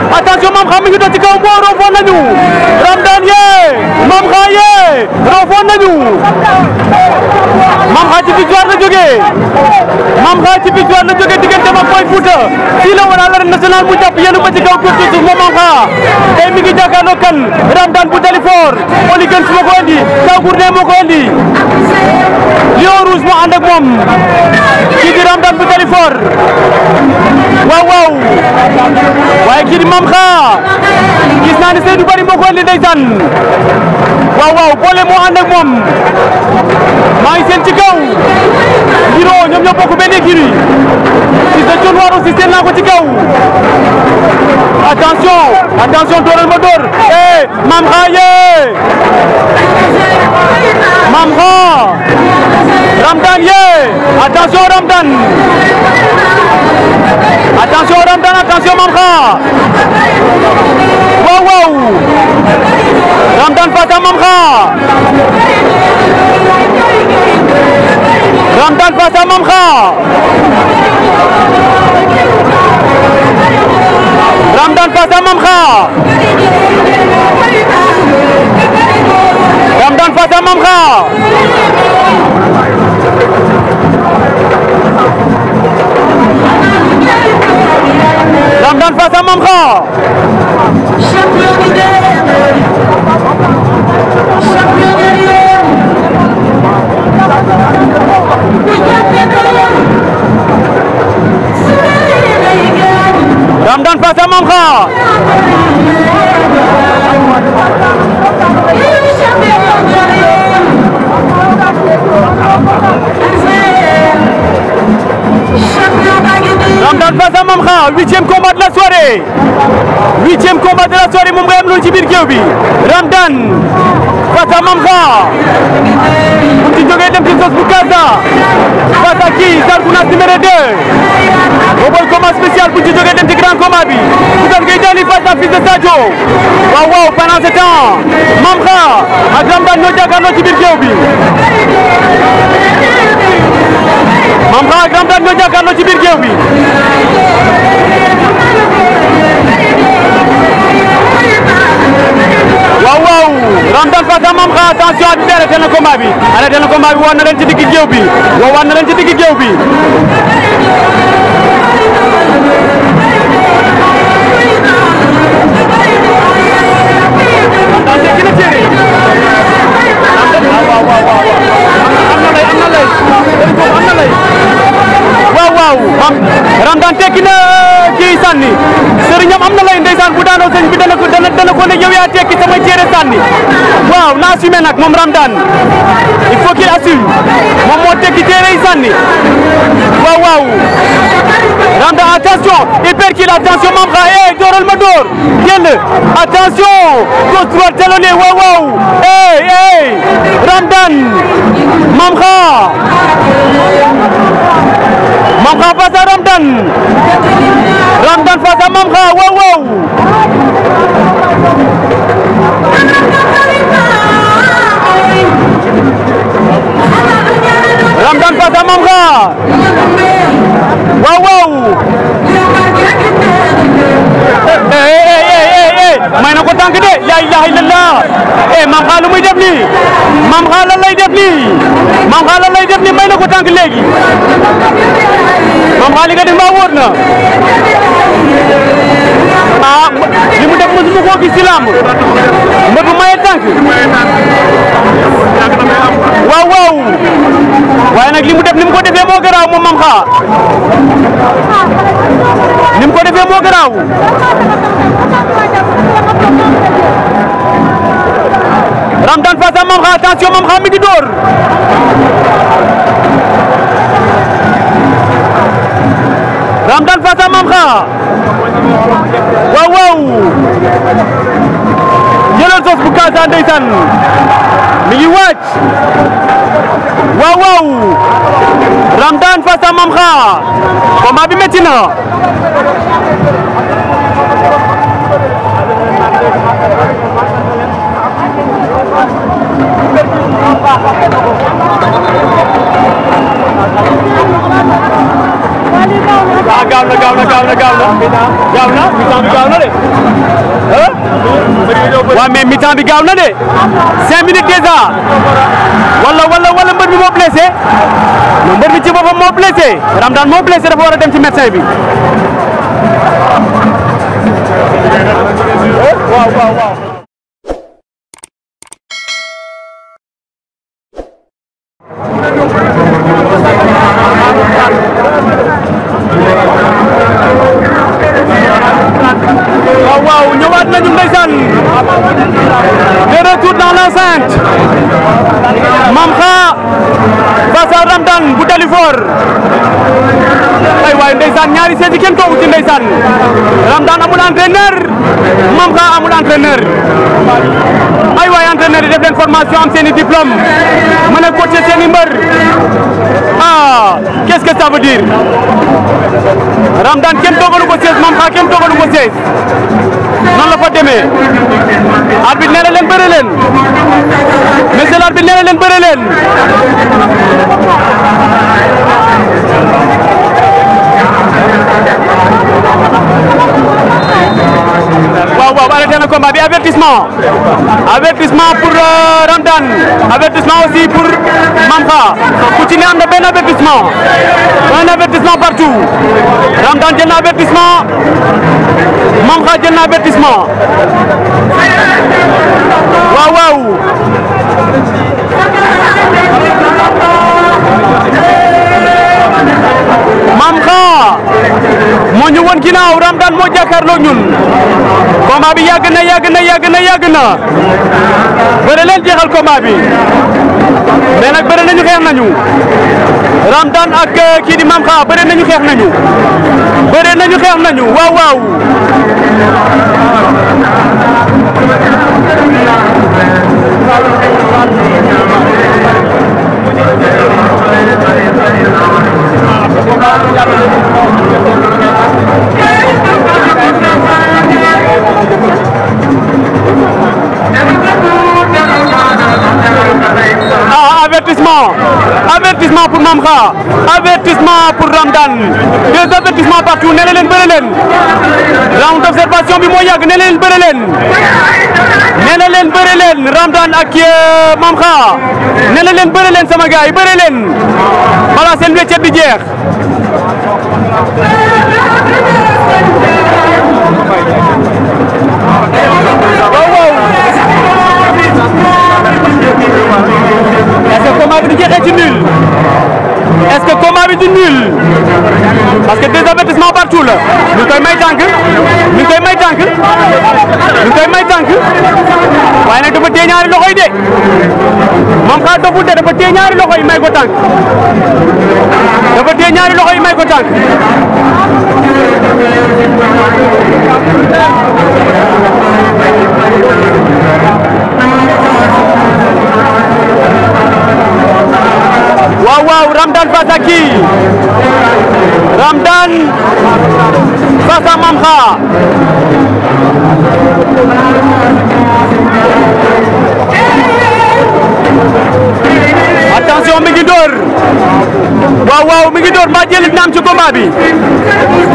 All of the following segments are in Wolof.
attention Mame Kha mi ngi doon ci kaw boo romboon nañu Ramdan yee Mame Kha yee romboon nañu Mame Xaa ci victoire la jógee Mame Xaa ci victoire la jógee diggante ma Boy Fouta fii la wala l'arène nationale mu jàpp yéen ba ci kaw kër suuf moom Mame Xaa tey mi ngi jàkkaarloo kan Ramdan bu Dalifort Oliguen su ma ko andi moo ko andi Lion moo ànd moom kii di Ramdan bu Dalifort waaw waaw waaye kii di Mame Xaa gis naa ne Seydou Bari moo ko andi ndeysaan waaw waaw boole moo moom maa ngi ci kaw Ngiro ñoom ñoo bokk benn écurie Fils de Thione Waro aussi seen ko ci kaw attention attention ma door eh maam xa yee maam xa Ramdan yee attention Ramdan attention maam xa Ramdan Fatia Mame Kha Ramdan Fatia Mame Kha Ramdan Fatia Mame Kha Ramdan Fatia Mame Kha Ramdan Fatia Mame Kha Ramdan face à Mamkha Ramdan face à Mamkha huitième combat de la soirée huitième combat la soirée moom nga am loolu ci biir géew bi Ramdan face à Mamza bu ci jógee dem ci sos bu Gaza face à kii Zargounas numéro 2 booboy combat bu ci jógee dem ci grand combat bi Koutal Gueye Dany face à fils de Sadio waaw waaw pendant ce temps Mamza ak Ramdan ñoo jàkkaarloo ci ci biir géew bi waaw waaw Ramdan Faka moom xa attention arbitre arrêté na combat bi arrêté na combat bi war na leen ci digg géew bi waaw war na leen ci digg géew bi Ramdan tekki na kii sànni sëriñam am na lay ndeysaan bu daanoo sëñ bi dana ko dana dana ko ne yow yaa tekki sama jéere waaw naa assumé nag moom Ramdan il faut qu'il moom moo tekki jéere yi sànni waaw waaw Ramdan attention il percule attention maam xa eh dooral ma door génn attention gauche droite talonné waaw waaw eh eh Ramdan maam xa maam xa face Ramdan Ramdan face à Mamra waaw waaw Ramdan face à Mamra waaw waaw eh, eh eh eh eh may na ko tànk de la ilaha illallah eh Mamra lu muy def nii Mame Xalla lan lay def nii Mame Xalla lan lay def nii may na ko tànk léegi Mame Xalla li nga def mbaa wóor na ah li mu def mosuma koo gis ci làmb mbëtu maye tànk waaw waaw waaye nag li mu def ni ko defee moo garaaw moom Mame Xalla ni mu ko defee moo garaaw Ramdan face à Mamra attention Mamra mi ngi dóor Ramdan face à Mamra waaw waaw jëlal sos bu Kaasa ndeysaan mi ngi wàcc waaw waaw Ramdan face à Mamra combat bi métti na ah gaaw na gaaw na gaaw na gaaw na gaaw na mi bi gaaw na de ah. waaw mais mi bi gaaw na de cinq minutes déjà wala wala wala mbër bi moo blessé non mbër bi ci boppam moo blessé Ramdan moo blessé dafa war a dem ci médecin bi. waaw waaw waaw. entraîneur moom ka amul entraîneur ay waay entraîneur def leen am seen i mën a coacher seen i mbër ah qu'est-ce que Ramdan kenn toogalu ko sees moom ka kenn toogalu ko sees noonu la fa demee arbitre nee na leen bëre leen monsieur l'arbitre nee na leen bëre leen de combat bi avertissement avertissement pour euh, Ramdan avertissement aussi pour Mamka Poutine à ne ben avertissement un ben avertissement partout Ramdan j'ai un avertissement Mamka a un avertissement waouh ginnaaw Ramdan moo jàkkaarloo ñun combat bi yàgg na yàgg na yàgg na yàgg na bëri jeexal combat bi mais nag bëri nañu xeex nañu Ramdan ak euh, kii di Mame Kha bëri nañu xeex nañu bëri nañu xeex nañu waaw waaw Ah, avertissement avertissement pour Mamra avertissement pour Ramdan des avertissements partout nee na leen round d'observation bi Moyag Ramdan ak euh, Mamra nee na leen bëre leen sama gars yi bëre leen balaa seen wéccet di jeex. waaw waaw. est-ce que combat bi du jeexee ci nul. est-ce que combat bi du nul. parce que des avertissements partout la ñu koy may tànk ñu koy may tànk ñu koy may tànk dafa téye ñaari loxo yi de moom ka doful de dafa téye ñaari loxo yi may ko tànk dafa téye ñaari loxo yi may ko tànk waaw waaw Ramdan face à qui Ramdan face à Mamkha attention mi ngi naam ci combat bi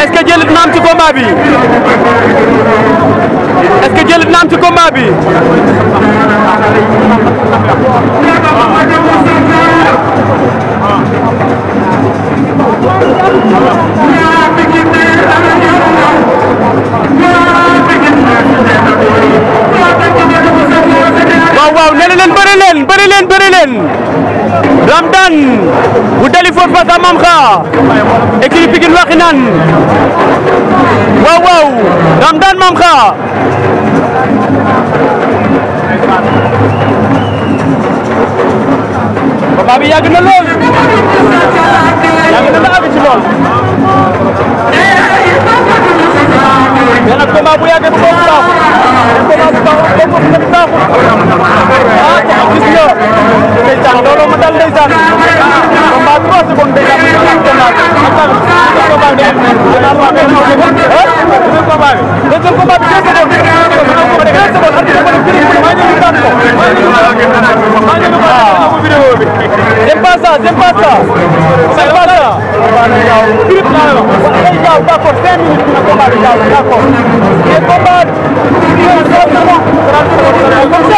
est naam ci combat bi est naam ci combat waaw waaw nee na leen bëri leen bëri leen bëri leen Ramdan bu Dalifort face à Mamkha écurie Pikine Wakhinane waaw waaw Ramdan Mamkha combat bi yàgg na lool yàgg na la àgg ci lool mais nag combat bu yàggee bu baax bu baax bu baax bu baax ah kon gis nga ndeysaan looloo ma dal ndeysaan combat trois secondes ndeysaan mu ngi ko laaj ak tamit deuxième combat bi deuxième combat bi deuxième combat bi deux secondes deux secondes J'aime pas ça, j'aime pas ça. C'est pas ça. Philippe Nalo, Gao, d'accord, 5 minutes pour le combat de Gao, d'accord. Et combat, il est en train de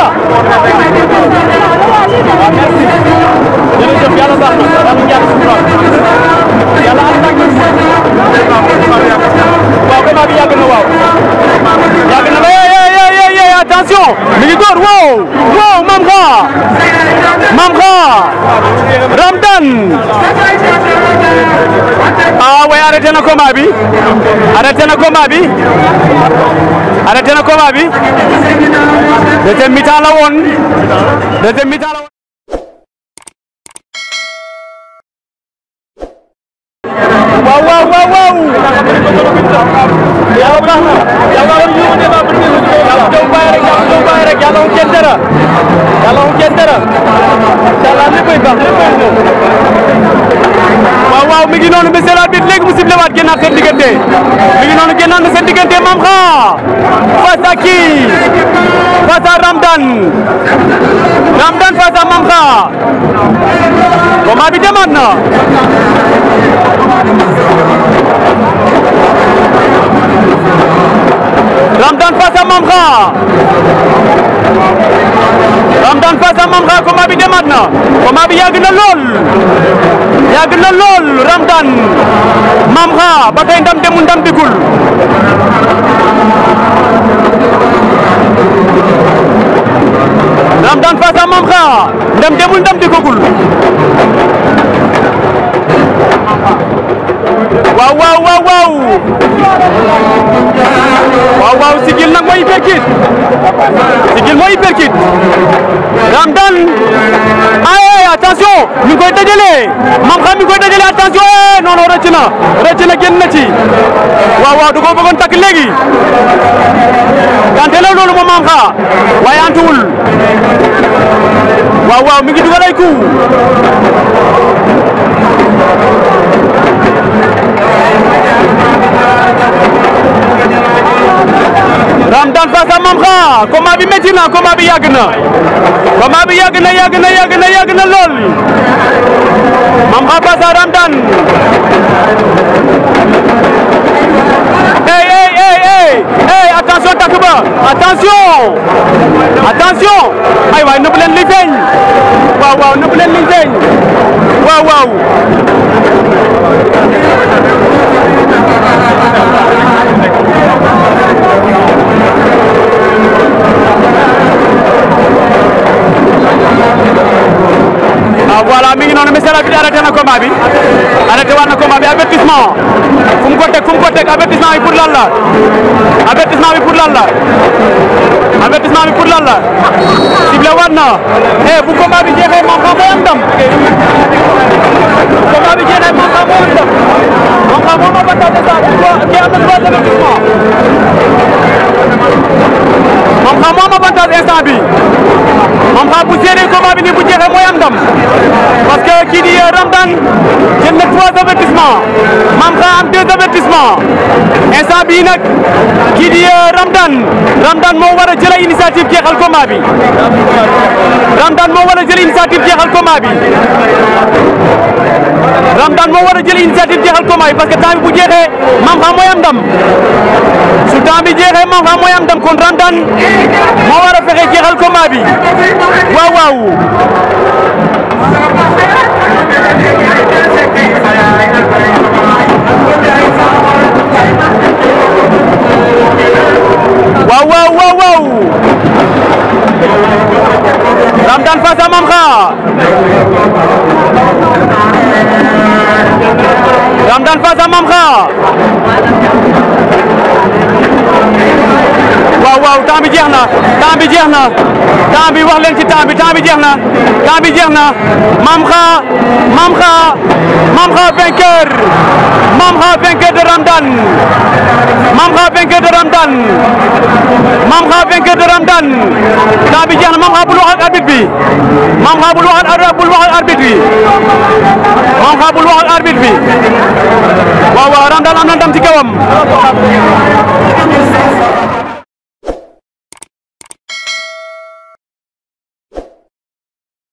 na combat bi arrêté na combat bi arrêté na combat bi deuxième mi-temps la woon deuxième mi-temps la woon waaw waaw waaw waaw yàlla baax na yàlla am ñu ne ma bu ñu yàlla daw bàyyi rek yàlla daw bàyyi rek yàlla wu kenn dara yàlla wu kenn dara yàlla léppay baax léppay ñëw waaw waaw mi ngi noonu ba seen arbitre léegi mu siblewaat génnaat seen diggante mi ngi noonu génnaat na seen diggante Mame Kha face à qui face à Ramdan Ramdan face à Mame Kha combat bi demaat na Ramdan face à Mame Kha Ramdan face à Mamra combat bi demaat na combat bi yàgg na lool yàgg na lool Ramdan Mamra ba tey ndam demul ndam digul Ramdan face à Mamra ndam demul ndam digagul waaw waaw waaw sigil nag mooy hyperkit sigil mooy hyperkit Ramdan ay attention mi ngi koy dajale mam xam mi koy dajale attention eh non non rëcc na rëcc na ci waaw waaw da takk léegi tante la loolu moom maam xa waaye antuwul waaw waaw mi ngi dugal ay coup Ramdan face à Mamkha combat bi métti na combat bi yàgg na combat bi yàgg na yàgg na yàgg na yàgg na lool Mamkha face à Ramdan hey hey hey hey hey attention takk ba attention attention ay waay nëbb leen li feeñ waaw waaw nëbb leen li feeñ waaw waaw waaw ah, voilà mi ngi noonu monsieur bi arrêté waat na combat bi avertissement fu mu ko teg fu mu ko teg avertissement bi pour lan la avertissement bi pour lan eh, bu combat bi jeexee moom xam nga am ndam combat bi jeexee moom xam nga am ndam moom xam nga moom ba tax moom xam moom avantage instant bi moom xam bu séenee combat bi nii bu jeexee mooy am ndam parce que kii di euh, Ramdan jël na trois avertissement instant bii nag kii di Ramdan euh, Ramdan moo war a initiative jeexal combat Ramdan moo war a initiative jeexal combat parce que temps bu jeexee Mame Kha mooy am ndam su temps bi jeexee Mame mooy am ndam kon Ramdan moo war fexe jeexal combat waaw waaw. Mame Khawa waaw temps bi jeex na temps bi jeex na temps bi wax leen ci temps bi temps bi jeex na temps bi jeex na Mame Kha Mame Kha Mame Kha vainqueur Mame Kha vainqueur de Ramdan Mame Kha vainqueur de Ramdan Mame Kha vainqueur de Ramdan temps bi jeex na Mame Kha bul wax ak arbitre bi Mame Kha bul wax ak bul wax ak arbitre bi Mame Kha bul wax ak arbitre bi waaw waaw Ramdan am na ndam ci kawam